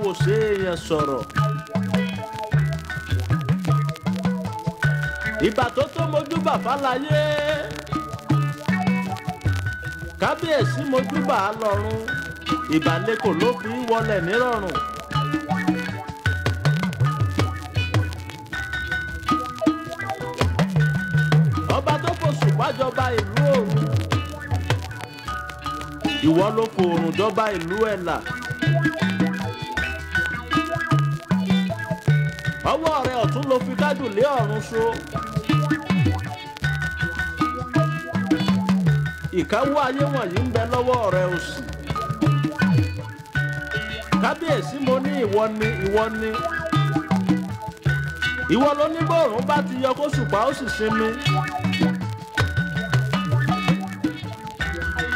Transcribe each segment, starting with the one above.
wò ṣe èèyàn sọ̀rọ̀. ìbà tó tó mojúbà fálayé kábíyèsí mojúbà á lọ́run ìbàlẹ́kọ̀ ló fi ń wọlé nírọ̀rùn. ọba tó fòṣù wájọba ìlú òru ìwọ ló fòrùn jọba ìlú ẹ̀là. E ọwọ́ rẹ ọ̀tún ló fi kádùn lé ọ̀run so. ìkáwọ́ ayé wọ̀nyí ń bẹ lọ́wọ́ rẹ òsì. kábíyèsí mo ní ìwọ ni ìwọ ni. ìwọ ló ní bóòrùn bá ti yọ kó ṣùpá ó sì sinmi.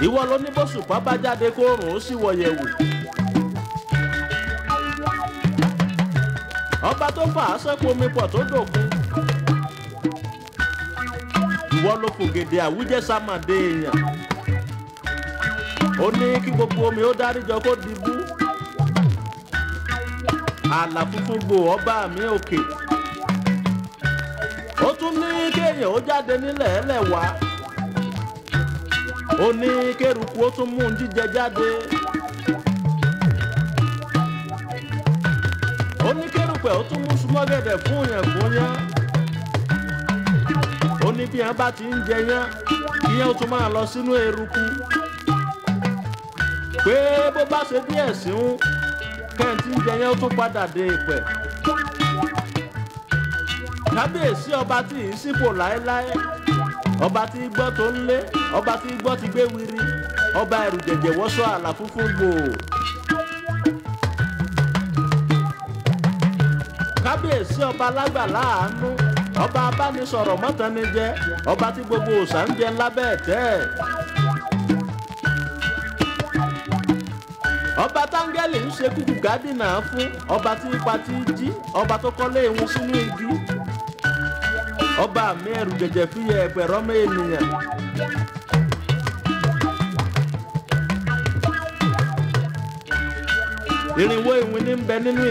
ìwọ ló ní bó ṣùpá bá jáde kó oòrùn ó sì wọ̀yẹ̀wò. tó fà á sẹ́kù omi pọ̀ tó dòkun. ìwọ ló fògèdè àwùjẹ sàmàdé èèyàn. ó ní kí gbogbo omi ó dáríjọ kó dìbú. àlà funfun gbò ọba mi òkè. ó tún ní kéèyàn ó jáde nílẹ̀ ẹlẹ́wàá. ó ní kéruku ó tún mú un jíjẹ yẹ̀pẹ̀ ó tún mú sumọ́gẹ̀dẹ̀ fún yẹn fún yẹn ó ní bí yẹn bá ti ń jẹ yẹn kí yẹn ó tún máa lọ sínú eruku pé bó bá ṣe bí ẹ̀sìn kẹ́ǹtì ń jẹ yẹn ó tún padà dé ìpẹ́ kábíyèsí ọba tí ì sípò láéláé ọba tí gbọ́ tó ń lé ọba tí gbọ́ ti gbé wiri ọba ẹ̀rù jẹ̀jẹ̀ wọ́sọ àlà gbòò. kábíyèsí ọba alágbà láàánú ọba abánisọ̀rọ̀ mọ́tànijẹ́ ọba tí gbogbo òòṣà ń jẹ ńlá bẹ́ẹ̀ tẹ́. ọba táńgẹ́lì ń ṣe kúkú gádìnà fún ọba tí ipa ti jí ọba tó kọ́lé ìhun sínú igi ọba mi ẹrù jẹ̀jẹ̀ fìyẹ ẹ̀pẹ̀rọ̀ ènìyàn. ní ń bẹ nínú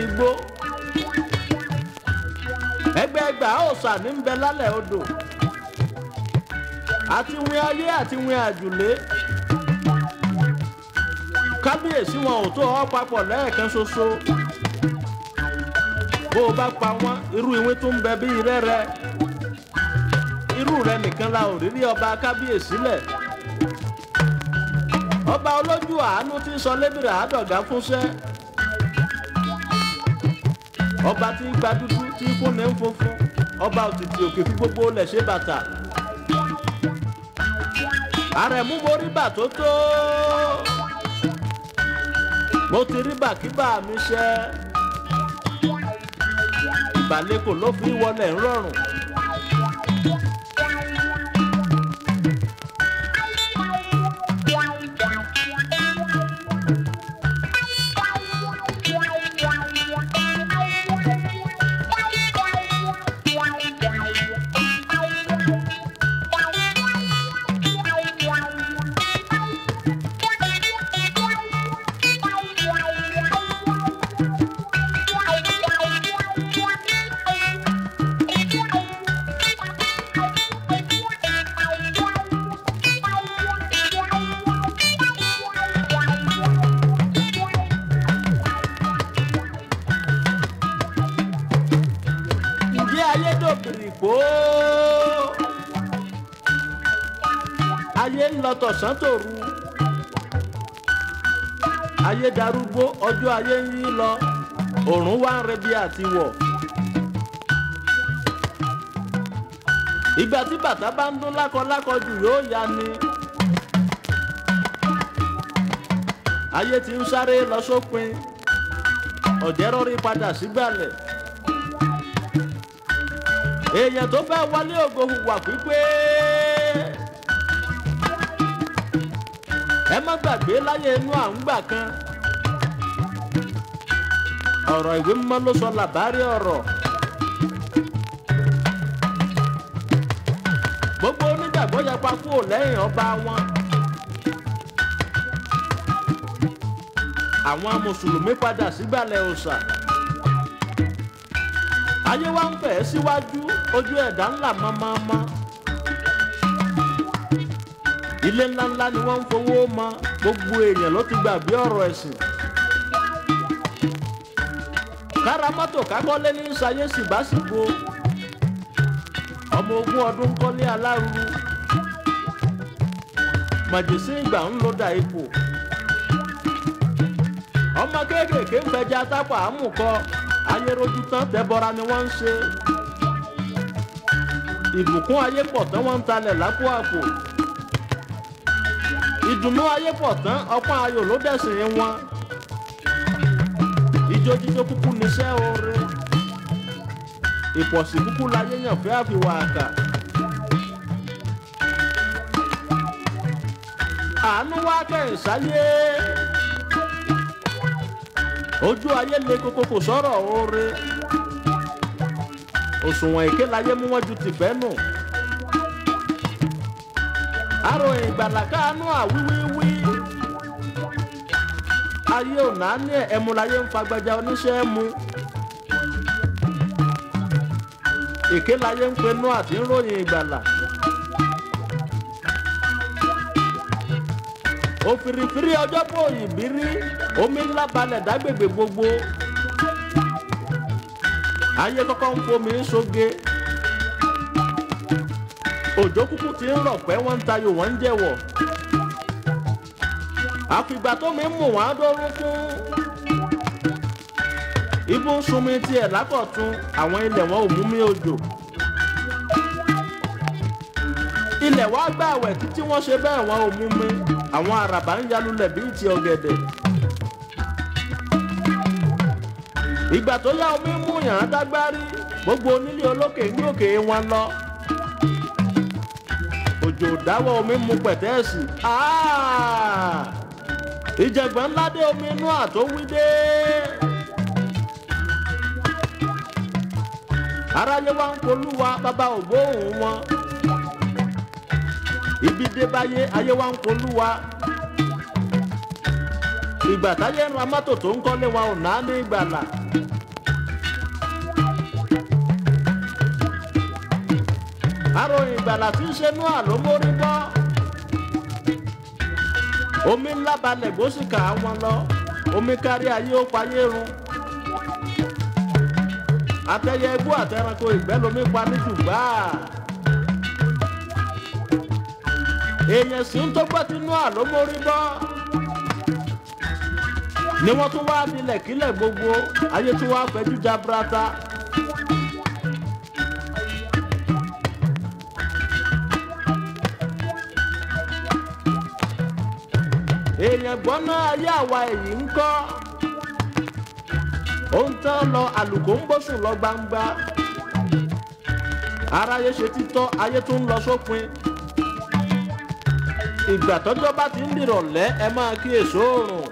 Egbe egbe ní ń bẹ lálẹ̀ odò àti win ayé àti win àjùlé kábíyèsí wọn ò tó ọ papọ̀ lẹ́ẹ̀kan ṣoṣo bó o bá pa wọn irú ìwín tó ń bẹ bí rẹ́rẹ́ irú rẹ nìkan la ò ọba kábíyèsí lẹ̀ ọba olójú àánú tí sọ lébìrì àádọ́gà fúnṣẹ́ ọba tí tí kò ní funfun ọba òtìtì òkè fún gbogbo lẹ̀ ṣe bàtà. àrẹ̀mú mo rí bà tó tó mo ti rí bàkíbà mi ṣẹ́ ìbàlẹ̀ kò ló fi wọlé ń rọrùn. tọ̀sán tòru ayé darúgbó ọjọ́ ayé ń yí lọ òòrùn wá ń rẹ bí àti wọ̀. ìgbà tí bàtà bá ń dún lákọlákọ jù yóò ya ni. ayé ti ń sáré lọ sópin ọ̀jẹ̀ rọrí padà sígbàlẹ̀. èèyàn tó fẹ́ wọlé ògo hùwà pípé. ẹ má gbàgbé láyé inú à ń gbà kan ọ̀rọ̀ ìwé mímọ́ ló sọ làbárí ọ̀rọ̀ gbogbo onígbàgbọ́ yapa kúrò lẹ́yìn ọba wọn àwọn mùsùlùmí padà sígbàlẹ̀ òòṣà ayé wa ń fẹ̀ síwájú ojú ẹ̀dá ńlá mọ́mọ́mọ́. ilé nla ni wọ́n ń fowó ma gbogbo èèyàn ló ti gbàgbé ọ̀rọ̀ ẹ̀sìn. kára mọ́tò kákọ́lé ní sayé sìbásìgbò ọmọ ogún ọdún kọ́ ní aláru màjèsí ìgbà ń lo dà ipò ọmọ kéékèèké ń fẹjá tápà àmùkọ ayérojú tán tẹbọra ni wọ́n ń ṣe ìbùkún ayé pọ̀ tán wọ́n ń ìdùnnú ayé pọ̀ tán ọpọ́n ayò ló dẹ̀sìn wọn ijó jíjó kúkú níṣẹ́ oore ìpọ̀sí kúkú láyé yàn fẹ́ àfiwà àkà. àánú wá kẹ́hìn sáyé ojú ayé le koko kò sọ̀rọ̀ oore òṣùwọ̀n èké láyé mú wọn ju tìbẹ́ nù. No àròyìn ìgbàlà káánú àwíwíwí ayé ò náání ẹ̀ ẹ̀mú láyé ń fagbájá oníṣẹ́ ẹ̀mú èké láyé ń pinnu àti ń ròyìn ìgbàlà. òfìrìfìrí ọjọ́ bó òyìnbí rí omi ńlá balẹ̀ dágbègbè gbogbo ayé kọ́kọ́ ń fomi ń soge òjò kúkú ti ń rọ̀ wọ́n ń tayò wọ́n ń jẹ̀wọ̀ àfìgbà tó mi ń mú wọn á fún ibú ń sunmi tiẹ̀ lákọ̀tún àwọn ilẹ̀ wọn ò mú mi òjò ilẹ̀ wa gbà wẹ̀ títí wọ́n ṣe bẹ́ẹ̀ wọn ò mú mi àwọn àràbà ń yalulẹ̀ bíi ti ọ̀gẹ̀dẹ̀ ìgbà tó yá omi ń mú yàn án dágbárí gbogbo onílé olókè ń gòkè wọn lọ. Ojo dáwọ́ omi mu pẹ̀tẹ́ẹ̀sì ah! ìjẹ̀gbẹ́ ńlá dé omi inú àtówídé. aráyé wa ń polúwa bàbá ògbóhùn wọn ibi dé báyé ayé wa ń polúwa ìgbà táyé ń ra mọ́tò tó ń kọ́lé wa ò náà ìgbàlà. olórin ìgbàlà tí ń ṣe inú àlómórí bọ́ omi ńlá balẹ̀ gbósìkà wọn lọ omi kárí ayé ó payé run atẹyẹ egbó àtẹranko ìgbẹ́ lomi pa níjù gbáà èèyàn sì ń tó gbọ́ tinú àlómórí bọ́ ni wọ́n tún wá nílẹ̀ gbogbo ayé tún wá fẹjú jabrata. èèyàn gbọ́ná ayé àwa èyí ń kọ́ ohun tán lọ àlùkò ń bó sùn lọ gbangba aráyé ṣe títọ́ ayé tó ń lọ sópin ìgbà tọ́jọ́ bá ti ń dìrọ̀lẹ́ ẹ máa kíyèsí oòrùn.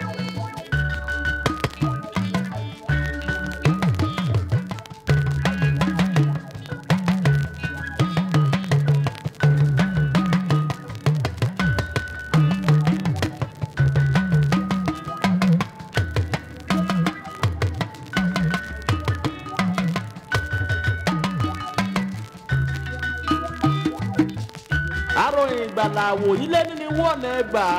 àròyìn ìgbàlà wòyí lé ní iwọ ọ̀nà ẹgbàá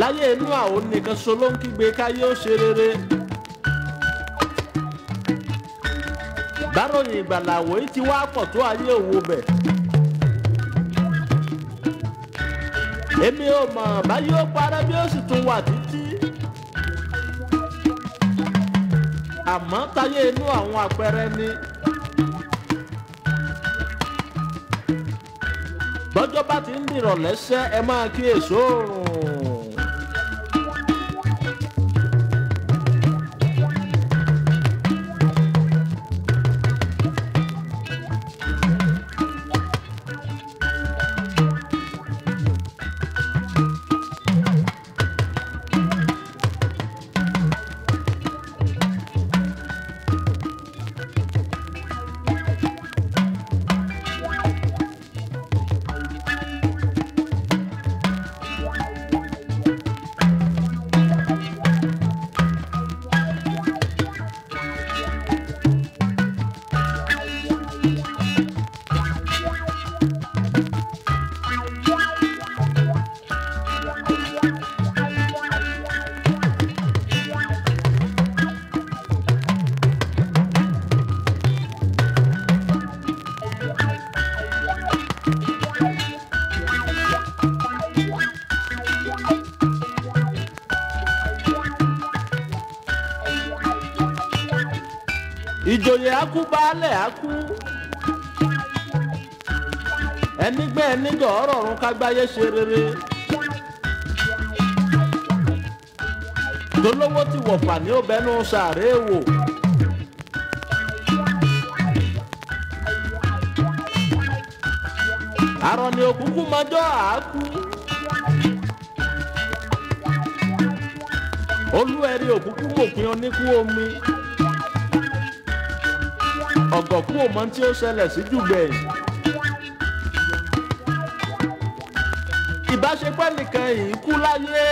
láyé inú àwọn nìkan so ló ń kígbe káyé ó ṣe rere báròyìn ìgbàlà wòyí ti wá pọ̀ tó ayé òwò bẹ̀. èmi ò mọ̀ báyìí ó parẹ́ bí ó sì tún wà títí. àmọ́ táyé inú àwọn àpẹẹrẹ ni. bá ti ń dìrọ̀lẹ́sẹ́ ẹ máa kíyèsí oòrùn. ìjòyè akú baálẹ̀ akú ẹnigbẹ́ ẹnigọ̀ ọ̀rọ̀ ọ̀run kágbáyé ṣe rere tolówó ti wọ̀fà ní obẹ̀nu sàárè wò. àrọ̀ ni òkúkú mọjọ́ àákú. olú ẹ̀rí òkúkú mòpin oníkú omi. ọ̀gọ̀kú ò mọ tí ó ṣẹlẹ̀ sí jùgbẹ́. ìbáṣepọ̀ nìkan yìí kú láyé.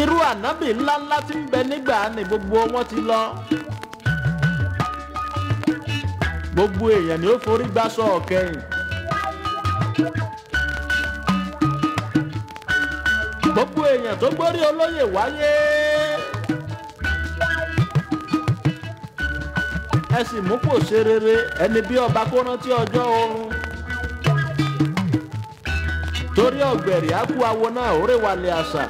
irú ànábì ńláńlá tí ń bẹ nígbà ni gbogbo wọn ti lọ. gbogbo èèyàn ni ó forí gbáṣọ ọ̀kẹ́yìn. gbogbo èèyàn tó gbórí olóyè wáyé ẹ sì mú kò ṣe rere ẹni bí ọba kó rántí ọjọ́ oorun torí ọ̀gbẹ̀rì akú awo náà òré wàlẹ̀ àṣà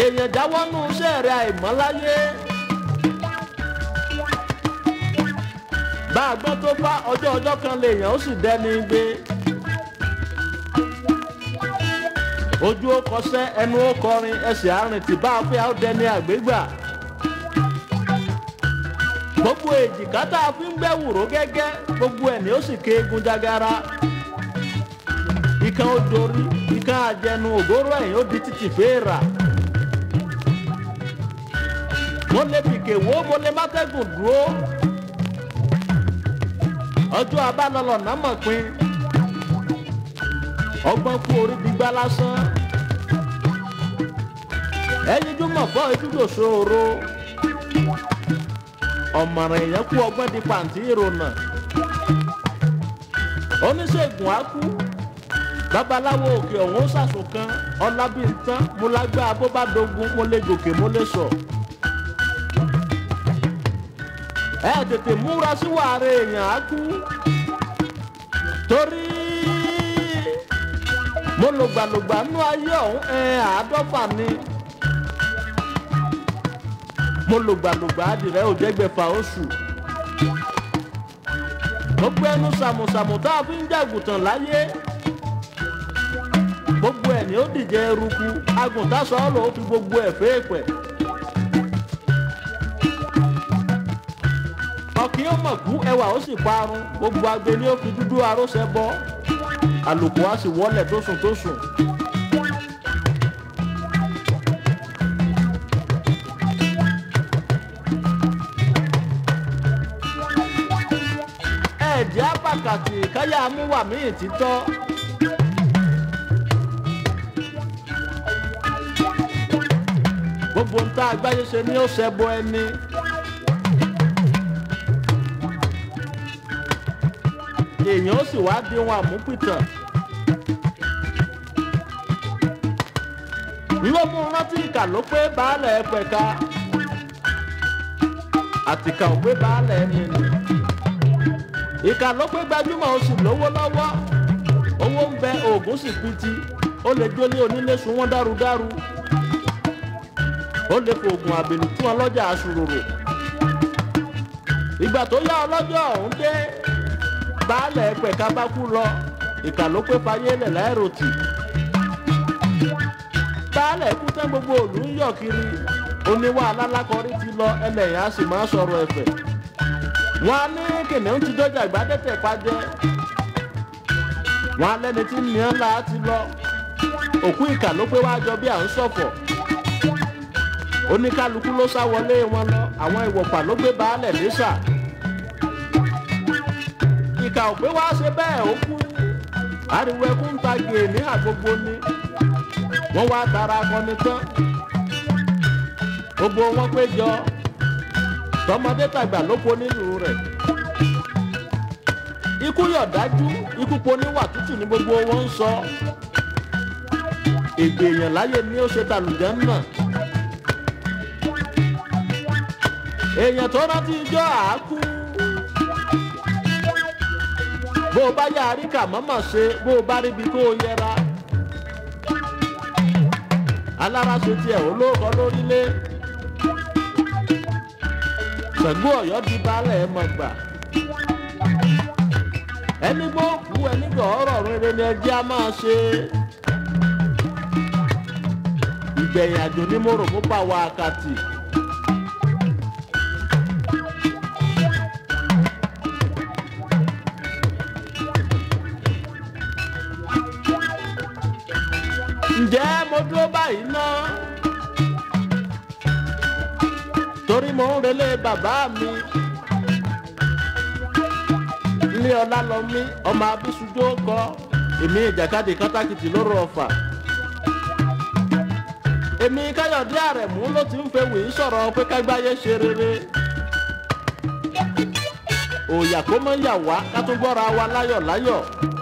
èèyàn jáwọ́nú iṣẹ́ rẹ̀ àìmọ́láyé. bá a gbọ́ tó bá ọjọ́ ọjọ́ kan lèèyàn ó sì dẹni gbé. ojú ó kọsẹ́ ẹnu ó kọrin ẹsẹ̀ àárín tìbá àfíà ó dẹni àgbégbà gbogbo èjìká tá a fi ń gbẹ́ wùró gẹ́gẹ́ gbogbo ẹ̀ ni ó sì ké egun jagara ìkan ó dorí ìkan àjẹnu ògóró ẹ̀yìn ó di títì féèrà mo lè fìkè wó mo lè mátẹ́gùn dúró ọjọ́ abálọ́lọ́ náà mọ̀ pin. ọgbọ́n kú orí gbígbá lásán ẹyin júmọ̀ fọ́ ìdúdò ṣòro ọ̀mọ̀ràn èèyàn kú ọgbọ́n di pàǹtí ìrònà oníṣègùn á kú babaláwo òkè ọ̀hún ṣàṣùkan ọlábìntán mo lágbá bó bá dogun mo lè gòkè mo lè sọ. ẹ tètè múra sí wàhálà èèyàn á kú torí mo lògbàlògbà nú ayé ọ̀hún ẹ̀ẹ́n àádọ́fà ni mo lògbàlògbà adìrẹ́ òjẹ́gbẹ̀fà oṣù mo gbẹ́nu sàmùsàmù tá a fi ń jàgùtàn láyé gbogbo ẹ̀ ni ó dìjẹ́ eruku agùntàsọ́ọ̀lù ó fi gbogbo ẹ̀ fẹ́ẹ̀pẹ̀. ọ̀kì ó mọ̀ kú ẹwà ó sì parun gbogbo agbe ni ó fi dúdú arósẹ bọ́ àlùkò á sì wọ́lẹ̀ tó sùn tó sùn. ẹ̀jẹ̀ apàkàtì káyà amúwà míì ti tọ́. gbogbo ń tá agbáyé ṣe ni ó ṣẹbọ ẹni. èèyàn ó sì wá di wọn àmúpìtàn. ìwọ mú rántí ìkà ló pé baálẹ̀ ẹ̀pẹ̀ka àtìkà ò pé baálẹ̀ ẹni ìkà ló pé gbajúmọ̀ si lówó lọ́wọ́ owó ń bẹ oògùn sì pìtì ó lè gbélé onílé ọlọja wọ́n ó lè fòògùn àbèlú fún ọlọ́jà aṣùròrò ìgbà tó yá ọlọ́jọ́ ọ̀hún dé lọ ìkà ló pé fayé baálẹ̀ kú tán gbogbo òlù ń yọ̀ kiri oníwà alálákọrí ti lọ ẹlẹ́yìn á sì máa sọ̀rọ̀ ẹ̀fẹ̀ wọn á ní kìnìún ti dọ́jà ìgbádẹ́tẹ̀ pàjẹ́ wọn tí ti lọ òkú ìkà ló pé wáá bí à ń ṣọ̀fọ̀ oníkálukú ló sá wọlé wọn lọ àwọn ìwọ̀pà ló gbé baálẹ̀ lẹ́sà ìkà ò pé ṣe bẹ́ẹ̀ ó kú ariwo ẹkún ń ta gèè ní àgbogbo ni. wọ́n wá tara akọni tán gbogbo wọn pé jọ. tọmọdé tàgbà ló po nílùú rẹ̀ ikú yọ̀ dájú ikú poni wà tútù ní gbogbo wọn ń sọ ègbè èèyàn láyé ni ó ṣe tàlùjẹ́ náà èèyàn tó rántí ijó àákú bó o bá yára rí kà mọ́mọ́ ṣe bó o bá ríbi kó o yẹra. alára ṣe tiẹ̀ olóòkọ lórílé ṣẹ̀gbọ́n ọ̀yọ́ di baálẹ̀ ẹ̀ mọ̀ gbà ẹni gbó kú ẹni gbọ̀ ọ̀rọ̀ rere ni ẹjẹ́ a máa ṣe ìgbẹ̀yìn àjò ní mòrò kópa wa àkàtì. ǹjẹ́ mo dúró báyìí ná torí mo ń relé bàbá mi ilé ọlá lọ mí ọmọ abisujú ó kọ èmi ìjàkadì kátàkìtì lóró ọfà èmi káyọ̀dé àrẹ̀mú ló ti ń fewì í sọ̀rọ̀ pé kágbáyé ṣe rere òòyà kó mọ́ yà wá ká tó gbọ́ra wa láyọ̀ láyọ̀.